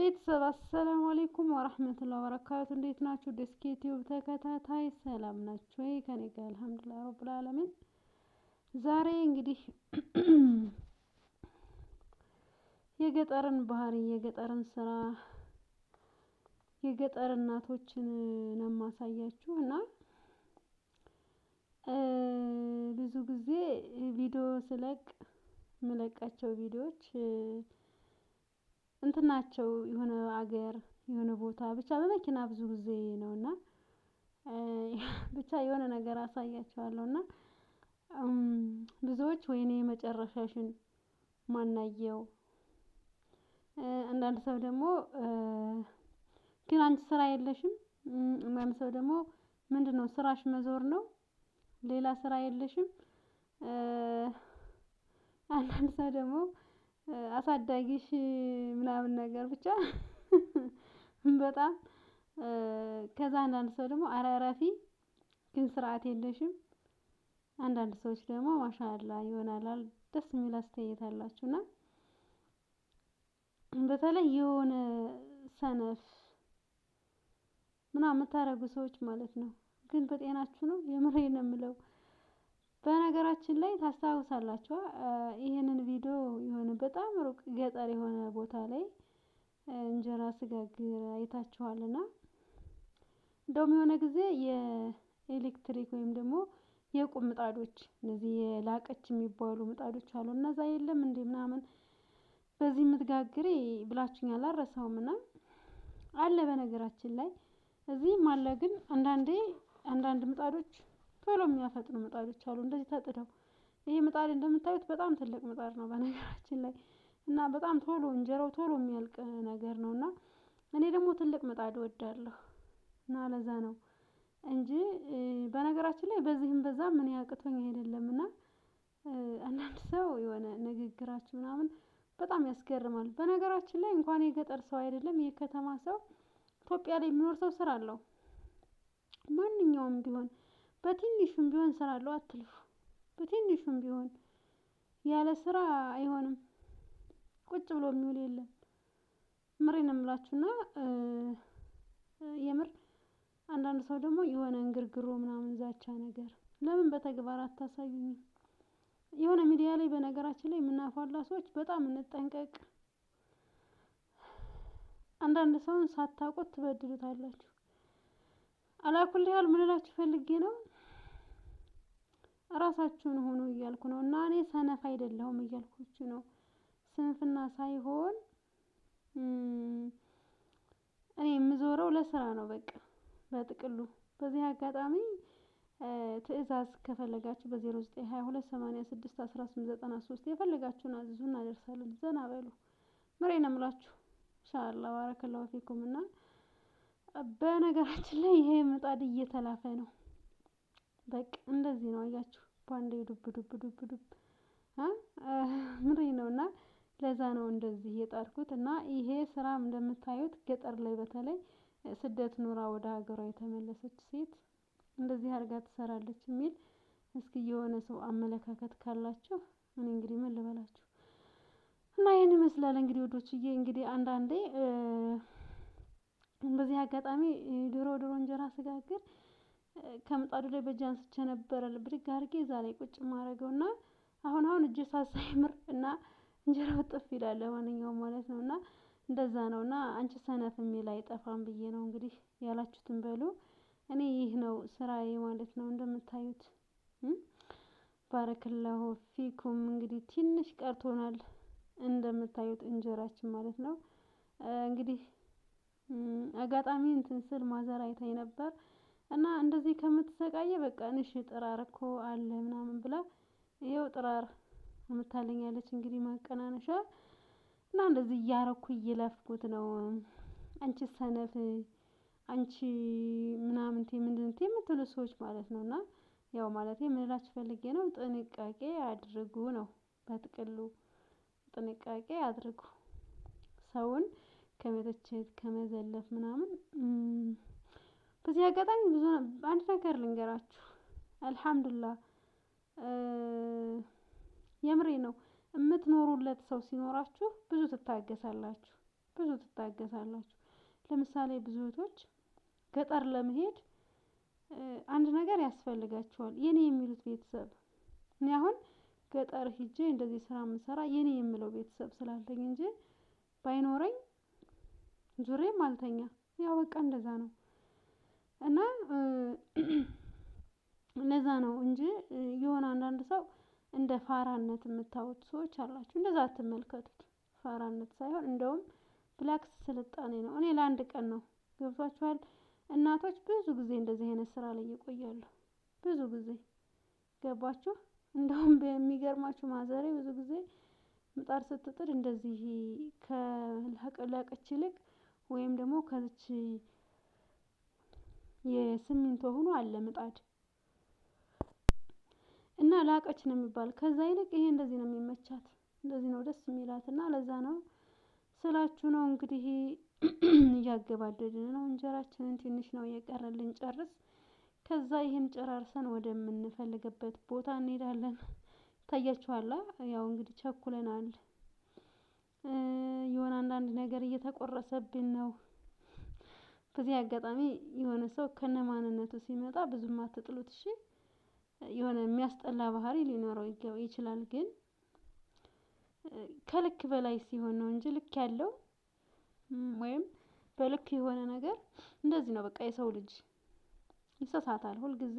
ቤተሰብ አሰላሙ አሌይኩም ወራህመቱላ ወበረካቱ እንዴት ናችሁ? ደስኬ ቲዩብ ተከታታይ ሰላም ናችሁ ወይ? ከኔ ጋር አልሐምዱላ ረብል አለሚን። ዛሬ እንግዲህ የገጠርን ባህሪ፣ የገጠርን ስራ፣ የገጠር እናቶችን ነው ማሳያችሁ እና ብዙ ጊዜ ቪዲዮ ስለቅ ምለቃቸው ቪዲዮዎች እንትን ናቸው የሆነ አገር የሆነ ቦታ ብቻ በመኪና ብዙ ጊዜ ነው እና ብቻ የሆነ ነገር አሳያቸዋለሁ እና ብዙዎች ወይኔ መጨረሻሽን ማናየው አንዳንድ ሰው ደግሞ ግን አንቺ ስራ የለሽም አንዳንድ ሰው ደግሞ ምንድነው ስራሽ መዞር ነው ሌላ ስራ የለሽም አንዳንድ ሰው ደግሞ አሳዳጊሽ ምናምን ነገር ብቻ በጣም ከዛ አንዳንድ ሰው ደግሞ አራራፊ ግን ስርዓት የለሽም። አንዳንድ ሰዎች ደግሞ ማሻላ ይሆናላል ደስ የሚል አስተያየት አላችሁና። በተለይ የሆነ ሰነፍ ምናምን የምታደርጉ ሰዎች ማለት ነው። ግን በጤናችሁ ነው? የምሬ ነው የምለው። በነገራችን ላይ ታስታውሳላችሁ ይህንን ቪዲዮ የሆነ በጣም ሩቅ ገጠር የሆነ ቦታ ላይ እንጀራ ስጋግር አይታችኋልና እንደውም የሆነ ጊዜ የኤሌክትሪክ ወይም ደግሞ የቁም ምጣዶች እነዚህ የላቀች የሚባሉ ምጣዶች አሉ እነዛ የለም እንዴ ምናምን በዚህ የምትጋግሪ ብላችሁኝ አላረሳውም ና አለ በነገራችን ላይ እዚህም አለ ግን አንዳንዴ አንዳንድ ምጣዶች ቶሎ የሚያፈጥኑ ምጣዶች አሉ እንደዚህ ተጥደው። ይሄ ምጣድ እንደምታዩት በጣም ትልቅ ምጣድ ነው በነገራችን ላይ እና በጣም ቶሎ እንጀራው ቶሎ የሚያልቅ ነገር ነው እና እኔ ደግሞ ትልቅ ምጣድ እወዳለሁ እና ለዛ ነው እንጂ በነገራችን ላይ በዚህም በዛ ምን ያቅቶኝ አይደለም። እና አንዳንድ ሰው የሆነ ንግግራችሁ ምናምን በጣም ያስገርማል። በነገራችን ላይ እንኳን የገጠር ሰው አይደለም የከተማ ሰው ኢትዮጵያ ላይ የሚኖር ሰው ስራ አለው ማንኛውም ቢሆን በትንሹም ቢሆን ስራ አለው አትልፉ። በትንሹም ቢሆን ያለ ስራ አይሆንም። ቁጭ ብሎ የሚውል የለም። ነው እምላችሁና የምር አንዳንድ ሰው ደግሞ የሆነ እንግርግሮ ምናምን ዛቻ ነገር ለምን በተግባር አታሳዩኝም? የሆነ ሚዲያ ላይ በነገራችን ላይ የምናፏላ ሰዎች በጣም እንጠንቀቅ። አንዳንድ ሰውን ሳታውቁት ትበድሉታላችሁ። አላኩልህል ምን እላችሁ ፈልጌ ነው እራሳችሁን ሆኖ እያልኩ ነው። እና እኔ ሰነፍ አይደለሁም እያልኩች ነው። ስንፍና ሳይሆን እኔ የምዞረው ለስራ ነው። በቃ በጥቅሉ በዚህ አጋጣሚ ትዕዛዝ ከፈለጋችሁ በ ዘጠኝ የፈለጋችሁን አዝዙ እናደርሳለን። ዘና በሉ ምሬ ነው ኢንሻአላህ ኢንሻላህ ባረከላሁ ፊኩም እና በነገራችን ላይ ይሄ ምጣድ እየተላፈ ነው። በቃ እንደዚህ ነው አያችሁ፣ በአንዴ ዱብ ዱብ ዱብ ዱብ ምሪ ነው እና ለዛ ነው እንደዚህ የጣርኩት እና ይሄ ስራም እንደምታዩት ገጠር ላይ በተለይ ስደት ኑራ ወደ ሀገሯ የተመለሰች ሴት እንደዚህ አድርጋ ትሰራለች የሚል እስኪ የሆነ ሰው አመለካከት ካላችሁ እኔ እንግዲህ ምን ልበላችሁ እና ይህን ይመስላል እንግዲህ ወዶችዬ እንግዲህ አንዳንዴ በዚህ አጋጣሚ ድሮ ድሮ እንጀራ ስጋግር ከምጣዱ ላይ በእጅ አንስቼ ነበረ ብድግ አድርጌ እዛ ላይ ቁጭ ማድረገው እና አሁን አሁን እጅ ሳሳይ ሳሳይምር እና እንጀራው ጥፍ ይላል። ለማንኛውም ማለት ነው እና እንደዛ ነው እና አንቺ ሰነፍ የሚል አይጠፋም ብዬ ነው እንግዲህ ያላችሁትን በሉ። እኔ ይህ ነው ስራዬ ማለት ነው እንደምታዩት። ባረክላሁ ፊኩም እንግዲህ ትንሽ ቀርቶናል እንደምታዩት እንጀራችን ማለት ነው እንግዲህ አጋጣሚ እንትን ስል ማዘር አይታኝ ነበር እና እንደዚህ ከምትሰቃየ በቃ ንሽ ጥራር እኮ አለ ምናምን ብላ ይኸው ጥራር የምታለኛለች እንግዲህ ማቀናነሻ እና እንደዚህ እያረኩ እየለፍኩት ነው። አንቺ ሰነፍ አንቺ ምንድን ምንድንቴ የምትሉ ሰዎች ማለት ነው። እና ያው ማለት የምንላችሁ ፈልጌ ነው ጥንቃቄ አድርጉ ነው። በጥቅሉ ጥንቃቄ አድርጉ ሰውን ከመተቸት ከመዘለፍ ምናምን። በዚህ አጋጣሚ ብዙ አንድ ነገር ልንገራችሁ። አልሐምዱላ የምሬ ነው። የምትኖሩለት ሰው ሲኖራችሁ ብዙ ትታገሳላችሁ፣ ብዙ ትታገሳላችሁ። ለምሳሌ ብዙ እህቶች ገጠር ለመሄድ አንድ ነገር ያስፈልጋቸዋል። የኔ የሚሉት ቤተሰብ እኔ አሁን ገጠር ሂጄ እንደዚህ ስራ የምሰራ የኔ የምለው ቤተሰብ ስላለኝ እንጂ ባይኖረኝ ዙሬ ማልተኛ ያው በቃ እንደዛ ነው። እና ለዛ ነው እንጂ የሆነ አንዳንድ ሰው እንደ ፋራነት የምታዩት ሰዎች አላችሁ። እንደዛ አትመልከቱት። ፋራነት ሳይሆን እንደውም ብላክስ ስልጣኔ ነው። እኔ ለአንድ ቀን ነው ገብቷችኋል። እናቶች ብዙ ጊዜ እንደዚህ አይነት ስራ ላይ ይቆያሉ። ብዙ ጊዜ ገባችሁ። እንደውም የሚገርማችሁ ማዘሬ ብዙ ጊዜ ምጣድ ስትጥድ እንደዚህ ከላቅላቅች ይልቅ ወይም ደግሞ ከዚች የስሚንቶ ሆኖ አለ ምጣድ እና ላቀች ነው የሚባል። ከዛ ይልቅ ይሄ እንደዚህ ነው የሚመቻት፣ እንደዚህ ነው ደስ የሚላት እና ለዛ ነው ስላችሁ ነው እንግዲህ እያገባደድን ነው። እንጀራችንን ትንሽ ነው የቀረን ጨርስ ከዛ ይህን ጨራርሰን ወደምንፈልግበት ቦታ እንሄዳለን። ታያችኋላ። ያው እንግዲህ ቸኩለናል። የሆነ አንዳንድ ነገር እየተቆረሰብን ነው። በዚህ አጋጣሚ የሆነ ሰው ከነማንነቱ ሲመጣ ብዙም አትጥሉት። እሺ የሆነ የሚያስጠላ ባህሪ ሊኖረው ይችላል፣ ግን ከልክ በላይ ሲሆን ነው እንጂ ልክ ያለው ወይም በልክ የሆነ ነገር እንደዚህ ነው። በቃ የሰው ልጅ ይሳሳታል ሁልጊዜ።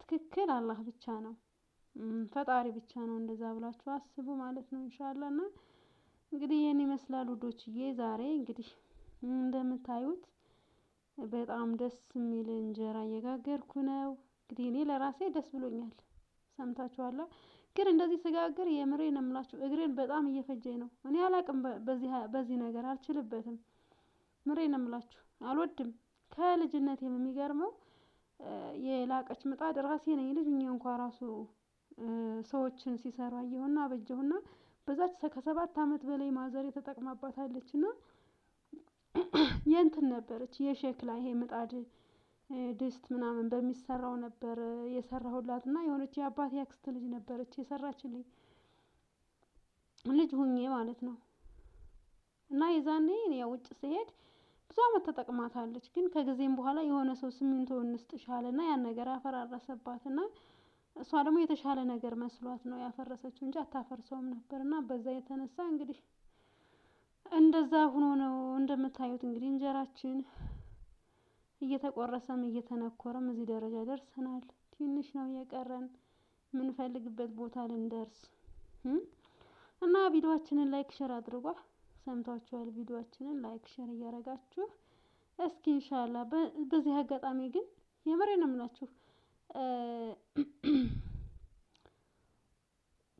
ትክክል አላህ ብቻ ነው ፈጣሪ ብቻ ነው። እንደዛ ብላችሁ አስቡ ማለት ነው። ኢንሻአላህ እና እንግዲህ ይህን ይመስላል ውዶችዬ። ዛሬ እንግዲህ እንደምታዩት በጣም ደስ የሚል እንጀራ እየጋገርኩ ነው። እንግዲህ እኔ ለራሴ ደስ ብሎኛል። ሰምታችኋላ። ግን እንደዚህ ስጋግር የምሬን እምላችሁ እግሬን በጣም እየፈጀኝ ነው። እኔ አላቅም፣ በዚህ ነገር አልችልበትም። ምሬን እምላችሁ አልወድም። ከልጅነት የሚገርመው የላቀች ምጣድ ራሴ ነኝ። ልጅ እንኳ ራሱ ሰዎችን ሲሰራ አየሁና አበጀሁና በዛች ከሰባት አመት በላይ ማዘሬ ተጠቅማባታለች እና የእንትን ነበረች የሸክላ ይሄ ምጣድ ድስት ምናምን በሚሰራው ነበር የሰራሁላት እና የሆነች የአባት ያክስት ልጅ ነበረች የሰራችልኝ ልጅ ሁኜ ማለት ነው። እና የዛኔ ያው ውጭ ስሄድ ብዙ አመት ተጠቅማታለች። ግን ከጊዜም በኋላ የሆነ ሰው ሲሚንቶ እንስጥሽ አለና ያን ነገር አፈራረሰባትና እሷ ደግሞ የተሻለ ነገር መስሏት ነው ያፈረሰችው እንጂ አታፈርሰውም ነበር። እና በዛ የተነሳ እንግዲህ እንደዛ ሆኖ ነው እንደምታዩት እንግዲህ እንጀራችን እየተቆረሰም እየተነኮረም እዚህ ደረጃ ደርሰናል። ትንሽ ነው የቀረን የምንፈልግበት ቦታ ልንደርስ እና ቪዲዮችንን ላይክ ሸር አድርጓ ሰምታችኋል። ቪዲዮችንን ላይክ ሸር እያደረጋችሁ እስኪ እንሻላ በዚህ አጋጣሚ ግን የመሬ ነው የምላችሁ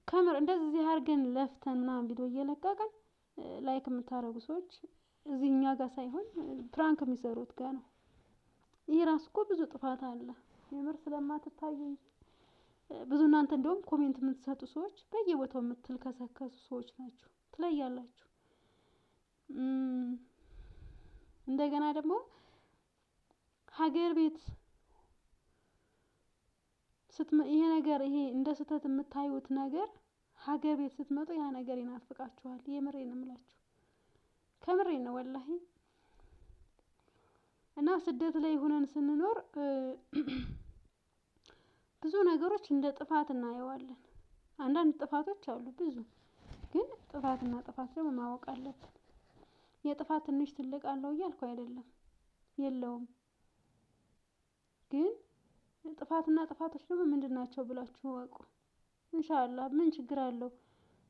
ከምር እንደዚህ አድርገን ለፍተን ምናምን ቪዲዮ እየለቀቀን ላይክ የምታደርጉ ሰዎች እዚህ እኛ ጋር ሳይሆን ፕራንክ የሚሰሩት ጋር ነው። ይህ ራሱ እኮ ብዙ ጥፋት አለ፣ የምር ስለማትታዩ እንጂ ብዙ እናንተ እንደውም ኮሜንት የምትሰጡ ሰዎች በየቦታው የምትልከሰከሱ ሰዎች ናችሁ፣ ትለያላችሁ። እንደገና ደግሞ ሀገር ቤት ይሄ ነገር ይሄ እንደ ስህተት የምታዩት ነገር ሀገር ቤት ስትመጡ ያ ነገር ይናፍቃችኋል። የምሬ ነው የምላችሁ፣ ከምሬ ነው ወላሂ። እና ስደት ላይ ሆነን ስንኖር ብዙ ነገሮች እንደ ጥፋት እናየዋለን። አንዳንድ ጥፋቶች አሉ ብዙ፣ ግን ጥፋትና ጥፋት ደግሞ ማወቅ አለብን። የጥፋት ትንሽ ትልቅ አለው እያልኩ አይደለም፣ የለውም ግን ጥፋትና ጥፋቶች ደግሞ ምንድን ናቸው ብላችሁ ወቁ። እንሻላ ምን ችግር አለው?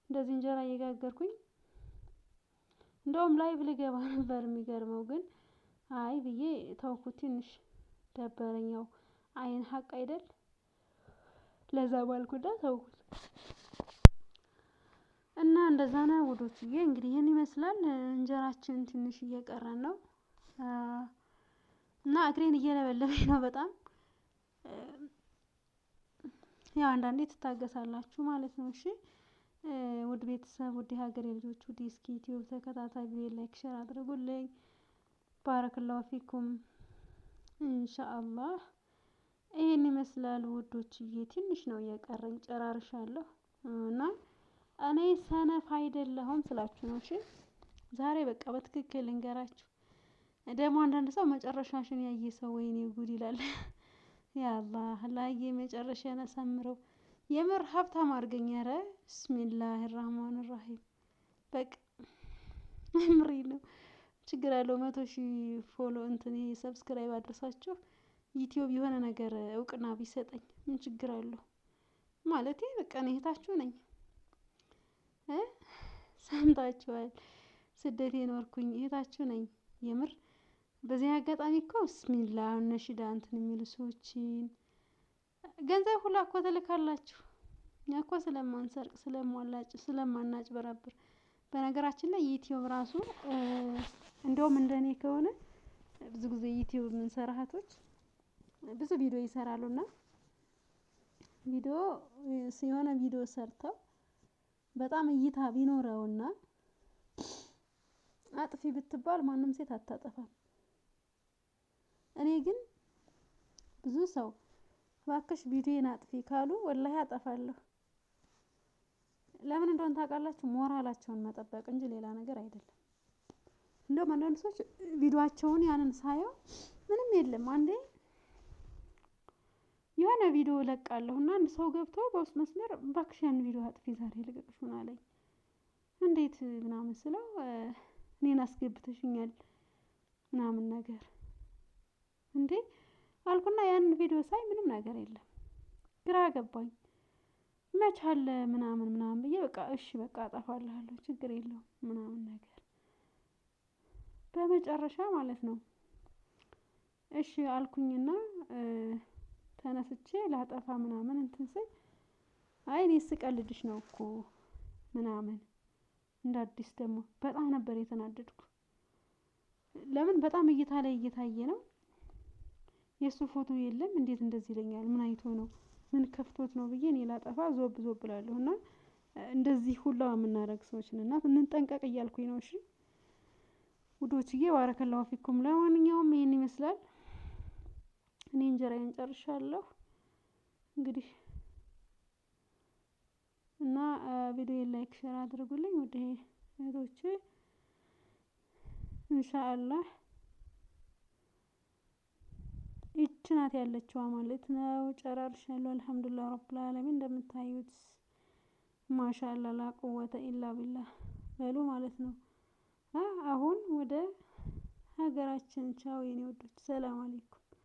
እንደዚህ እንጀራ እየጋገርኩኝ እንደውም ላይቭ ልገባ ነበር። የሚገርመው ግን አይ ብዬ ተውኩት። ትንሽ ደበረኛው አይን ሀቅ አይደል? ለዛ ባልኩዳ ተውኩት እና እንደዛ ነው ውዶችዬ። እንግዲህ ይህን ይመስላል እንጀራችን ትንሽ እየቀረን ነው እና እግሬን እየለበለበኝ ነው በጣም ያው አንዳንዴ ትታገሳላችሁ ማለት ነው። እሺ ውድ ቤተሰብ፣ ውድ ሀገሬ ልጆች፣ ውድ እስኪ ዩቲዩብ ተከታታይ ቪዲዮ ላይክ፣ ሸር አድርጉልኝ። ባረክላሁ ፊኩም ኢንሻአላህ። ይህን ይመስላል ውዶችዬ፣ ትንሽ ነው እየቀረኝ ጨራርሻለሁ እና እኔ ሰነፍ አይደለሁም ስላችሁ ነው። እሺ ዛሬ በቃ በትክክል እንገራችሁ። ደግሞ አንዳንድ ሰው መጨረሻሽን ያየ ሰው ወይኔ ጉድ ይላል። ያአላህ ላይ የመጨረሻን አሳምረው የምር ሀብታም አድርገኝ። ኧረ ብስሚላህ ራህማን ራሂም በቃ ምሪ ነው ችግር ያለው መቶ ሺህ ፎሎ እንትን ሰብስክራይብ አድርሳችሁ ዩቲዩብ የሆነ ነገር እውቅና ቢሰጠኝ ምን ችግር አለው? ማለት በቃ እኔ እህታችሁ ነኝ። ሰምታችኋል። ስደት የኖርኩኝ እህታችሁ ነኝ የምር በዚህ አጋጣሚ እኮ ብስሚላ ነሽዳ እንትን የሚሉ ሰዎችን ገንዘብ ሁላ እኮ ትልካላችሁ። እኛ እኮ ስለማንሰርቅ ስለማላጭ ስለማናጭ በረብር በነገራችን ላይ ዩትዩብ ራሱ እንደውም እንደኔ ከሆነ ብዙ ጊዜ ዩትዩብ የምንሰራ ብዙ ቪዲዮ ይሰራሉና ቪዲዮ የሆነ ቪዲዮ ሰርተው በጣም እይታ ቢኖረውና አጥፊ ብትባል ማንም ሴት አታጠፋም። እኔ ግን ብዙ ሰው እባክሽ ቪዲዮን አጥፊ ካሉ ወላሂ አጠፋለሁ። ለምን እንደሆነ ታውቃላችሁ? ሞራላቸውን መጠበቅ እንጂ ሌላ ነገር አይደለም። እንደውም አንዳንድ ሰዎች ቪዲዮቸውን ያንን ሳየው ምንም የለም አንዴ የሆነ ቪዲዮ እለቃለሁ እና አንድ ሰው ገብቶ በውስጥ መስመር እባክሽ ያን ቪዲዮ አጥፊ ዛሬ ልቅቅሽ ምን አለኝ። እንዴት ምናምን ስለው እኔን አስገብተሽኛል ምናምን ነገር እንዴ አልኩና ያንን ቪዲዮ ሳይ ምንም ነገር የለም። ግራ ገባኝ። መች አለ ምናምን ምናምን ብዬ በቃ እሺ በቃ አጠፋልሃለሁ ችግር የለውም ምናምን ነገር በመጨረሻ ማለት ነው እሺ አልኩኝና ተነስቼ ላጠፋ ምናምን እንትን ስል አይ እኔ ስቀልድሽ ነው እኮ ምናምን እንደ አዲስ ደግሞ በጣም ነበር የተናደድኩ። ለምን በጣም እይታ ላይ እየታየ ነው የእሱ ፎቶ የለም እንዴት እንደዚህ ይለኛል? ምን አይቶ ነው? ምን ከፍቶት ነው ብዬ እኔ ላጠፋ ዞብ ዞብ ብላለሁ። እና እንደዚህ ሁላ የምናደርግ ሰዎች ነን እና እንጠንቀቅ እያልኩኝ ነው። እሺ ውዶችዬ፣ ባረከላሁ ፊኩም። ለማንኛውም ይህን ይመስላል። እኔ እንጀራዬን ጨርሻለሁ እንግዲህ እና ቪዲዮ ላይክ ሼር አድርጉልኝ ወደ እህቶቼ እንሻአላህ ይች ናት ያለችዋ ማለት ነው። ጨራርሻለሁ። አልሐምዱሊላህ ረብል እንደምታዩት ማሻላ ላ ቁወተ ኢላ ቢላህ በሉ ማለት ነው። አሁን ወደ ሀገራችን ቻው የኔ ወዶች፣ ሰላም አለይኩም።